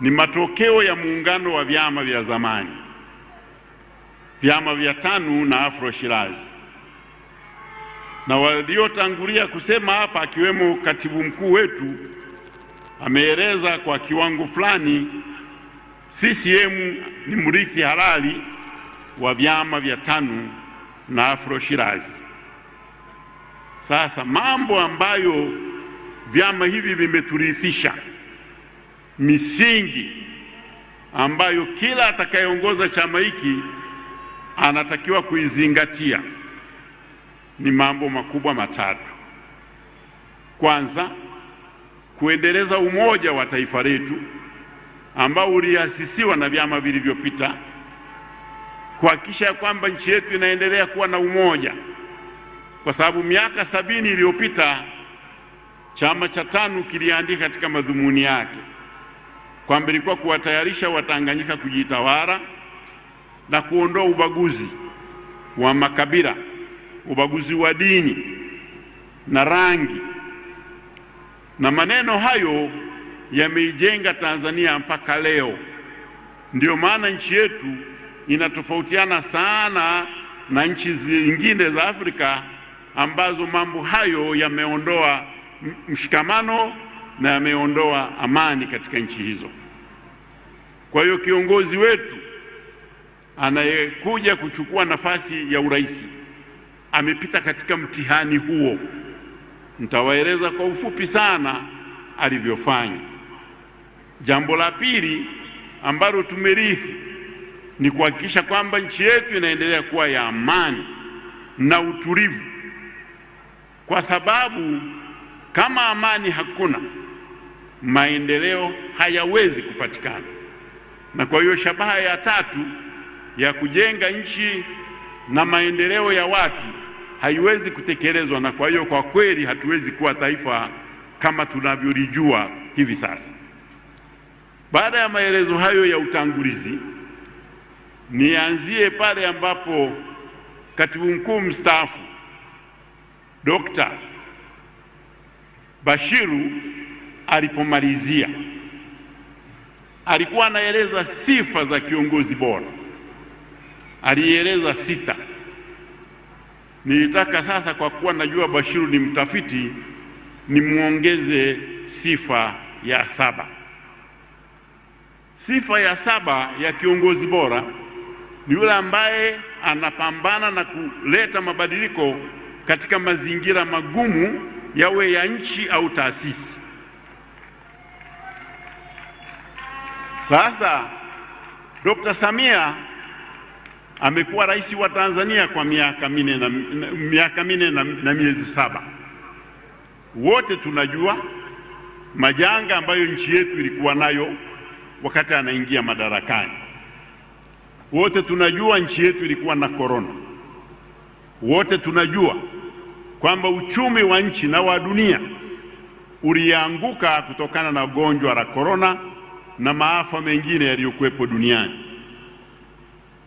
ni matokeo ya muungano wa vyama vya zamani, vyama vya TANU na Afro Shirazi, na waliotangulia kusema hapa akiwemo katibu mkuu wetu ameeleza kwa kiwango fulani, CCM ni mrithi halali wa vyama vya TANU na Afro Shirazi. Sasa mambo ambayo vyama hivi vimeturithisha misingi ambayo kila atakayeongoza chama hiki anatakiwa kuizingatia ni mambo makubwa matatu. Kwanza, kuendeleza umoja wa taifa letu ambao uliasisiwa na vyama vilivyopita, kuhakikisha kwamba nchi yetu inaendelea kuwa na umoja, kwa sababu miaka sabini iliyopita chama cha TANU kiliandika katika madhumuni yake kwamba ilikuwa kuwatayarisha Watanganyika kujitawala na kuondoa ubaguzi wa makabila, ubaguzi wa dini na rangi, na maneno hayo yameijenga Tanzania mpaka leo. Ndiyo maana nchi yetu inatofautiana sana na nchi zingine za Afrika ambazo mambo hayo yameondoa mshikamano na ameondoa amani katika nchi hizo. Kwa hiyo kiongozi wetu anayekuja kuchukua nafasi ya urais amepita katika mtihani huo. Nitawaeleza kwa ufupi sana alivyofanya. Jambo la pili ambalo tumerithi ni kuhakikisha kwamba nchi yetu inaendelea kuwa ya amani na utulivu, kwa sababu kama amani hakuna maendeleo hayawezi kupatikana. Na kwa hiyo shabaha ya tatu ya kujenga nchi na maendeleo ya watu haiwezi kutekelezwa. Na kwa hiyo kwa kweli hatuwezi kuwa taifa kama tunavyolijua hivi sasa. Baada ya maelezo hayo ya utangulizi, nianzie pale ambapo katibu mkuu mstaafu Dr. Bashiru alipomalizia alikuwa anaeleza sifa za kiongozi bora, alieleza sita. Nilitaka sasa, kwa kuwa najua Bashiru ni mtafiti, nimwongeze sifa ya saba. Sifa ya saba ya kiongozi bora ni yule ambaye anapambana na kuleta mabadiliko katika mazingira magumu, yawe ya nchi au taasisi. Sasa Dr. Samia amekuwa rais wa Tanzania kwa miaka minne na, miaka minne na, na miezi saba. Wote tunajua majanga ambayo nchi yetu ilikuwa nayo wakati anaingia madarakani. Wote tunajua nchi yetu ilikuwa na korona. Wote tunajua kwamba uchumi wa nchi na wa dunia ulianguka kutokana na gonjwa la korona na maafa mengine yaliyokuwepo duniani.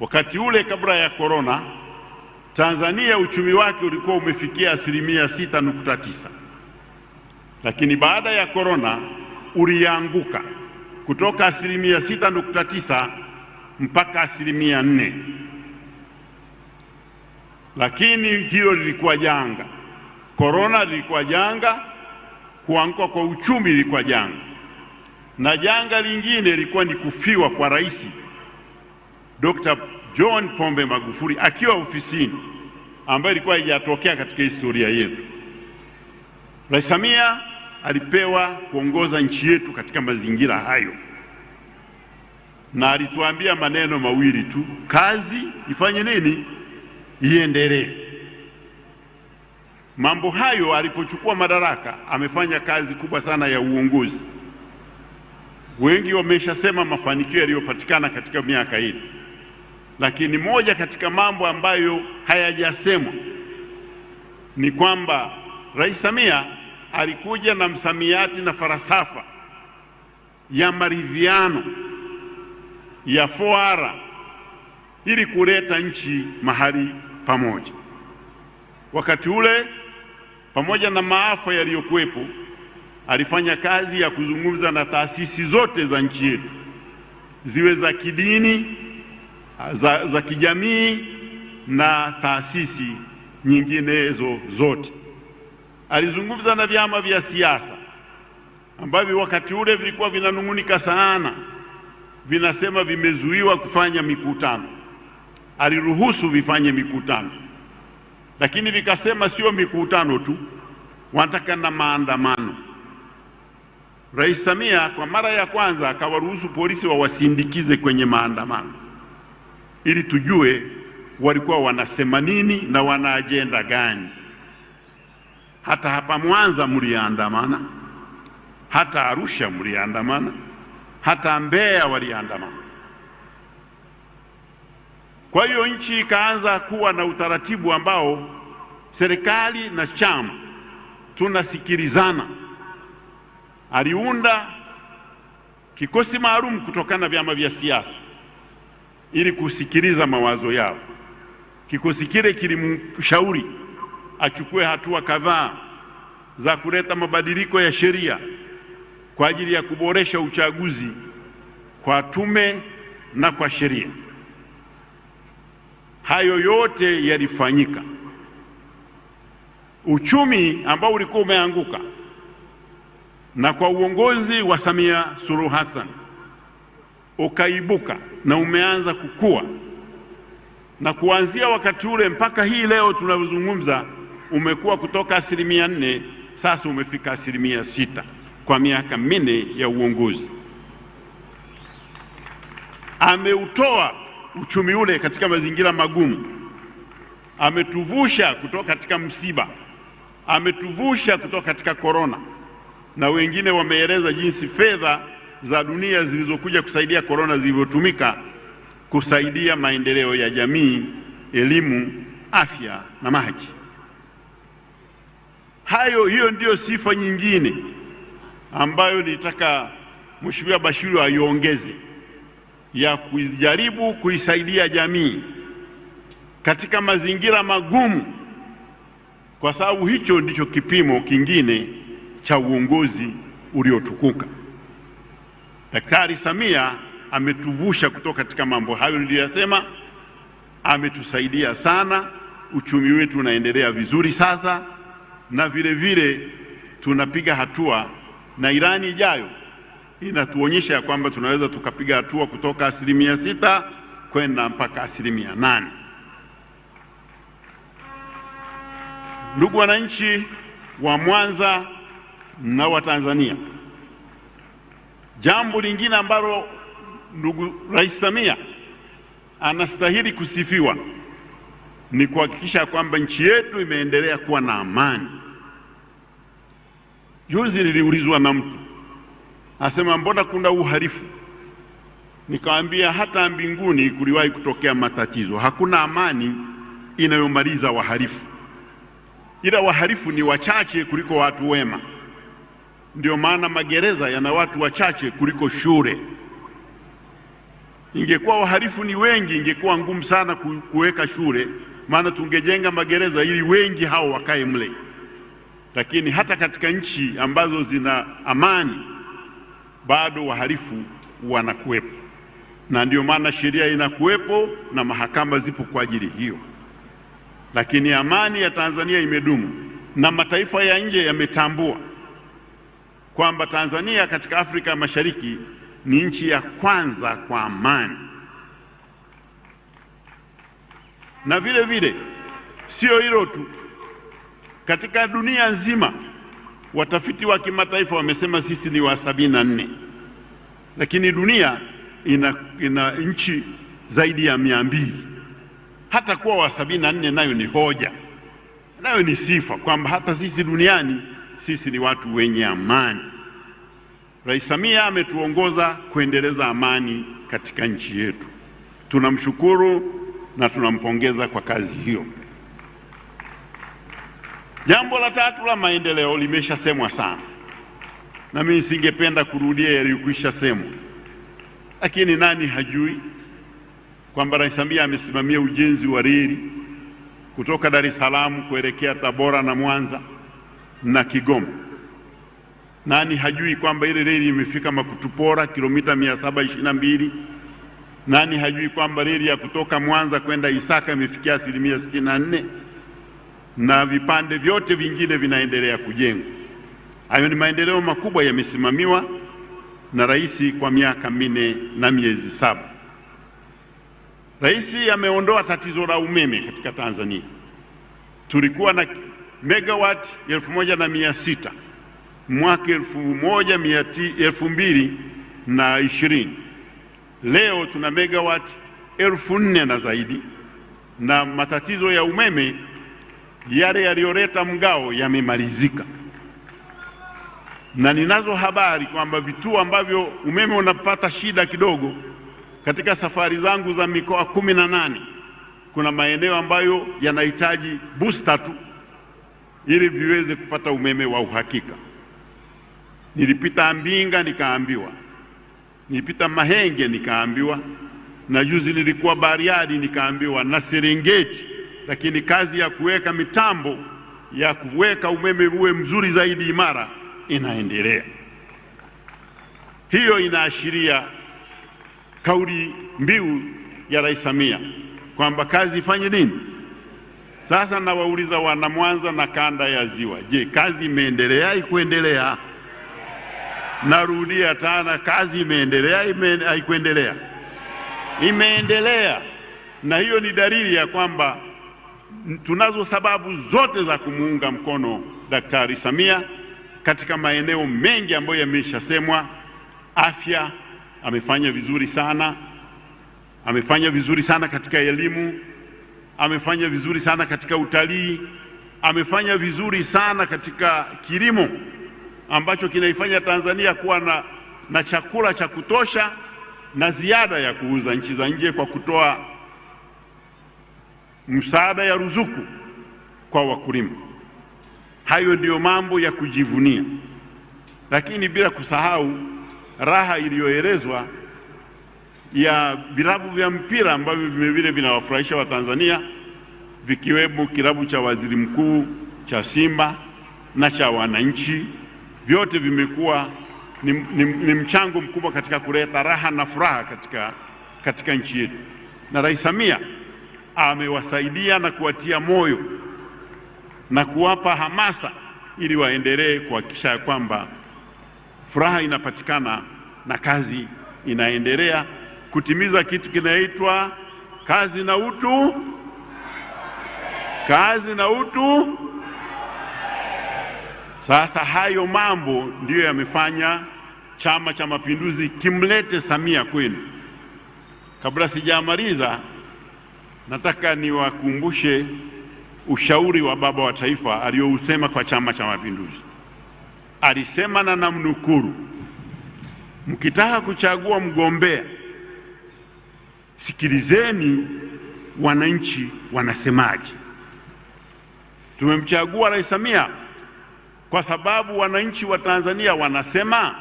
Wakati ule kabla ya korona, Tanzania uchumi wake ulikuwa umefikia asilimia nukta tisa lakini baada ya korona ulianguka kutoka asilimia nukta tisa mpaka asilimia 4. Lakini hilo lilikuwa janga, korona lilikuwa janga, kuanguka kwa uchumi lilikuwa janga na janga lingine lilikuwa ni kufiwa kwa Rais Dr. John Pombe Magufuli akiwa ofisini, ambayo ilikuwa haijatokea katika historia yetu. Rais Samia alipewa kuongoza nchi yetu katika mazingira hayo, na alituambia maneno mawili tu, kazi ifanye nini, iendelee. Mambo hayo, alipochukua madaraka, amefanya kazi kubwa sana ya uongozi Wengi wameshasema mafanikio yaliyopatikana katika miaka hii, lakini moja katika mambo ambayo hayajasemwa ni kwamba Rais Samia alikuja na msamiati na falsafa ya maridhiano ya foara ili kuleta nchi mahali pamoja. Wakati ule pamoja na maafa yaliyokuwepo alifanya kazi ya kuzungumza na taasisi zote za nchi yetu, ziwe za kidini, za, za kijamii na taasisi nyinginezo zote. Alizungumza na vyama vya siasa ambavyo wakati ule vilikuwa vinanung'unika sana, vinasema vimezuiwa kufanya mikutano. Aliruhusu vifanye mikutano, lakini vikasema sio mikutano tu, wanataka na maandamano. Rais Samia kwa mara ya kwanza akawaruhusu polisi wawasindikize kwenye maandamano ili tujue walikuwa wanasema nini na wana ajenda gani. Hata hapa Mwanza mliandamana, hata Arusha mliandamana, hata Mbeya waliandamana. Kwa hiyo nchi ikaanza kuwa na utaratibu ambao serikali na chama tunasikilizana aliunda kikosi maalum kutokana na vyama vya siasa ili kusikiliza mawazo yao. Kikosi kile kilimshauri achukue hatua kadhaa za kuleta mabadiliko ya sheria kwa ajili ya kuboresha uchaguzi kwa tume na kwa sheria. Hayo yote yalifanyika. Uchumi ambao ulikuwa umeanguka na kwa uongozi wa Samia Suluhu Hassan ukaibuka na umeanza kukua, na kuanzia wakati ule mpaka hii leo tunavyozungumza, umekuwa kutoka asilimia nne sasa umefika asilimia sita kwa miaka minne ya uongozi. Ameutoa uchumi ule katika mazingira magumu, ametuvusha kutoka katika msiba, ametuvusha kutoka katika korona na wengine wameeleza jinsi fedha za dunia zilizokuja kusaidia korona zilivyotumika kusaidia maendeleo ya jamii, elimu, afya na maji. Hayo, hiyo ndiyo sifa nyingine ambayo nitaka Mheshimiwa Bashiru aiongeze ya kujaribu kuisaidia jamii katika mazingira magumu, kwa sababu hicho ndicho kipimo kingine cha uongozi uliotukuka. Daktari Samia ametuvusha kutoka katika mambo hayo niliyosema, ametusaidia sana, uchumi wetu unaendelea vizuri sasa, na vile vile tunapiga hatua, na irani ijayo inatuonyesha ya kwamba tunaweza tukapiga hatua kutoka asilimia sita kwenda mpaka asilimia nane. Ndugu wananchi wa Mwanza na Watanzania. Jambo lingine ambalo ndugu Rais Samia anastahili kusifiwa ni kuhakikisha kwamba nchi yetu imeendelea kuwa na amani. Juzi niliulizwa na mtu asema, mbona kuna uhalifu? Nikamwambia hata mbinguni kuliwahi kutokea matatizo, hakuna amani inayomaliza wahalifu, ila wahalifu ni wachache kuliko watu wema. Ndio maana magereza yana watu wachache kuliko shule. Ingekuwa wahalifu ni wengi, ingekuwa ngumu sana kuweka shule, maana tungejenga magereza ili wengi hao wakae mle. Lakini hata katika nchi ambazo zina amani bado wahalifu wanakuwepo, na ndio maana sheria inakuwepo na mahakama zipo kwa ajili hiyo. Lakini amani ya Tanzania imedumu na mataifa ya nje yametambua kwamba Tanzania katika Afrika Mashariki ni nchi ya kwanza kwa amani, na vile vile sio hilo tu, katika dunia nzima watafiti wa kimataifa wamesema sisi ni wa sabini na nne, lakini dunia ina, ina nchi zaidi ya mia mbili. Hata kuwa wa sabini na nne nayo ni hoja, nayo ni sifa kwamba hata sisi duniani sisi ni watu wenye amani. Rais Samia ametuongoza kuendeleza amani katika nchi yetu. Tunamshukuru na tunampongeza kwa kazi hiyo. Jambo la tatu la maendeleo limeshasemwa sana, na mimi singependa kurudia yaliyokwisha semwa, lakini nani hajui kwamba Rais Samia amesimamia ujenzi wa reli kutoka Dar es Salaam kuelekea Tabora na Mwanza na Kigoma. Nani hajui kwamba ile reli imefika Makutupora kilomita 722? Nani hajui kwamba reli ya kutoka Mwanza kwenda Isaka imefikia asilimia 64 na vipande vyote vingine vinaendelea kujengwa. Hayo ni maendeleo makubwa, yamesimamiwa na rais kwa miaka minne na miezi saba. Rais ameondoa tatizo la umeme katika Tanzania. Tulikuwa na megawati elfu moja na mia sita mwaka elfu mbili na ishirini. Leo tuna megawati elfu nne na zaidi, na matatizo ya umeme yale yaliyoleta mgao yamemalizika, na ninazo habari kwamba vituo ambavyo umeme unapata shida kidogo, katika safari zangu za mikoa kumi na nane kuna maeneo ambayo yanahitaji booster tu ili viweze kupata umeme wa uhakika. Nilipita Mbinga nikaambiwa, nilipita Mahenge nikaambiwa, na juzi nilikuwa Bariadi nikaambiwa, na Serengeti. Lakini kazi ya kuweka mitambo ya kuweka umeme uwe mzuri zaidi, imara, inaendelea. Hiyo inaashiria kauli mbiu ya Rais Samia kwamba kazi ifanye nini sasa nawauliza wana Mwanza na kanda ya Ziwa, je, kazi imeendelea? Ikuendelea? Narudia tena, kazi imeendelea? Haikuendelea? Imeendelea, na hiyo ni dalili ya kwamba tunazo sababu zote za kumuunga mkono Daktari Samia katika maeneo mengi ambayo yameshasemwa. Afya amefanya vizuri sana, amefanya vizuri sana katika elimu amefanya vizuri sana katika utalii, amefanya vizuri sana katika kilimo ambacho kinaifanya Tanzania kuwa na, na chakula cha kutosha na ziada ya kuuza nchi za nje kwa kutoa msaada ya ruzuku kwa wakulima. Hayo ndiyo mambo ya kujivunia, lakini bila kusahau raha iliyoelezwa ya vilabu vya mpira ambavyo vilevile vinawafurahisha Watanzania vikiwemo kilabu cha waziri mkuu cha Simba na cha wananchi, vyote vimekuwa ni, ni, ni mchango mkubwa katika kuleta raha na furaha katika, katika nchi yetu, na Rais Samia amewasaidia na kuwatia moyo na kuwapa hamasa ili waendelee kuhakikisha kwamba furaha inapatikana na kazi inaendelea kutimiza kitu kinaitwa kazi na utu, kazi na utu. Sasa hayo mambo ndiyo yamefanya Chama cha Mapinduzi kimlete Samia kwenu. Kabla sijamaliza, nataka niwakumbushe ushauri wa baba wa taifa aliyousema kwa Chama cha Mapinduzi. Alisema na namnukuru, mkitaka kuchagua mgombea Sikilizeni wananchi wanasemaje. Tumemchagua Rais Samia kwa sababu wananchi wa Tanzania wanasema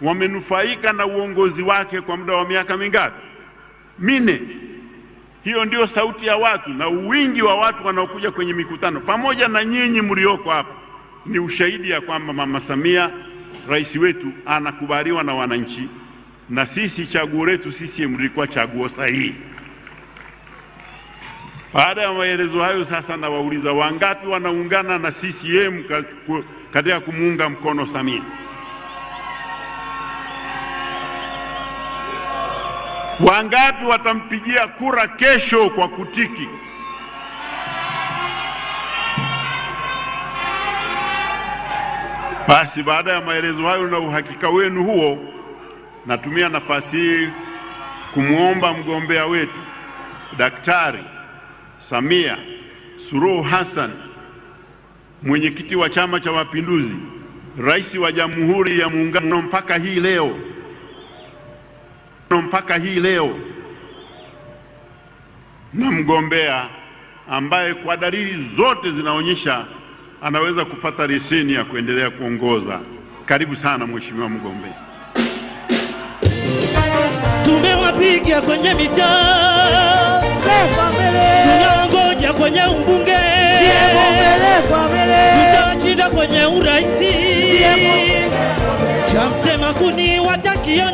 wamenufaika na uongozi wake kwa muda wa miaka mingapi? mine Hiyo ndio sauti ya watu na uwingi wa watu wanaokuja kwenye mikutano pamoja na nyinyi mlioko hapa ni ushahidi ya kwamba Mama Samia rais wetu anakubaliwa na wananchi na sisi chaguo letu CCM lilikuwa chaguo sahihi. Baada ya maelezo hayo, sasa nawauliza wangapi wanaungana na CCM katika kumuunga mkono Samia? Wangapi watampigia kura kesho kwa kutiki? Basi baada ya maelezo hayo na uhakika wenu huo Natumia nafasi hii kumwomba mgombea wetu Daktari Samia Suluhu Hassan, mwenyekiti wa Chama cha Mapinduzi, rais wa Jamhuri ya Muungano, mpaka hii leo mpaka hii leo na mgombea ambaye kwa dalili zote zinaonyesha anaweza kupata leseni ya kuendelea kuongoza. Karibu sana mheshimiwa mgombea tumewapiga kwenye mitaa, tunangoja kwenye ubunge, tutashinda kwenye uraisi, chamtema kuni watakiona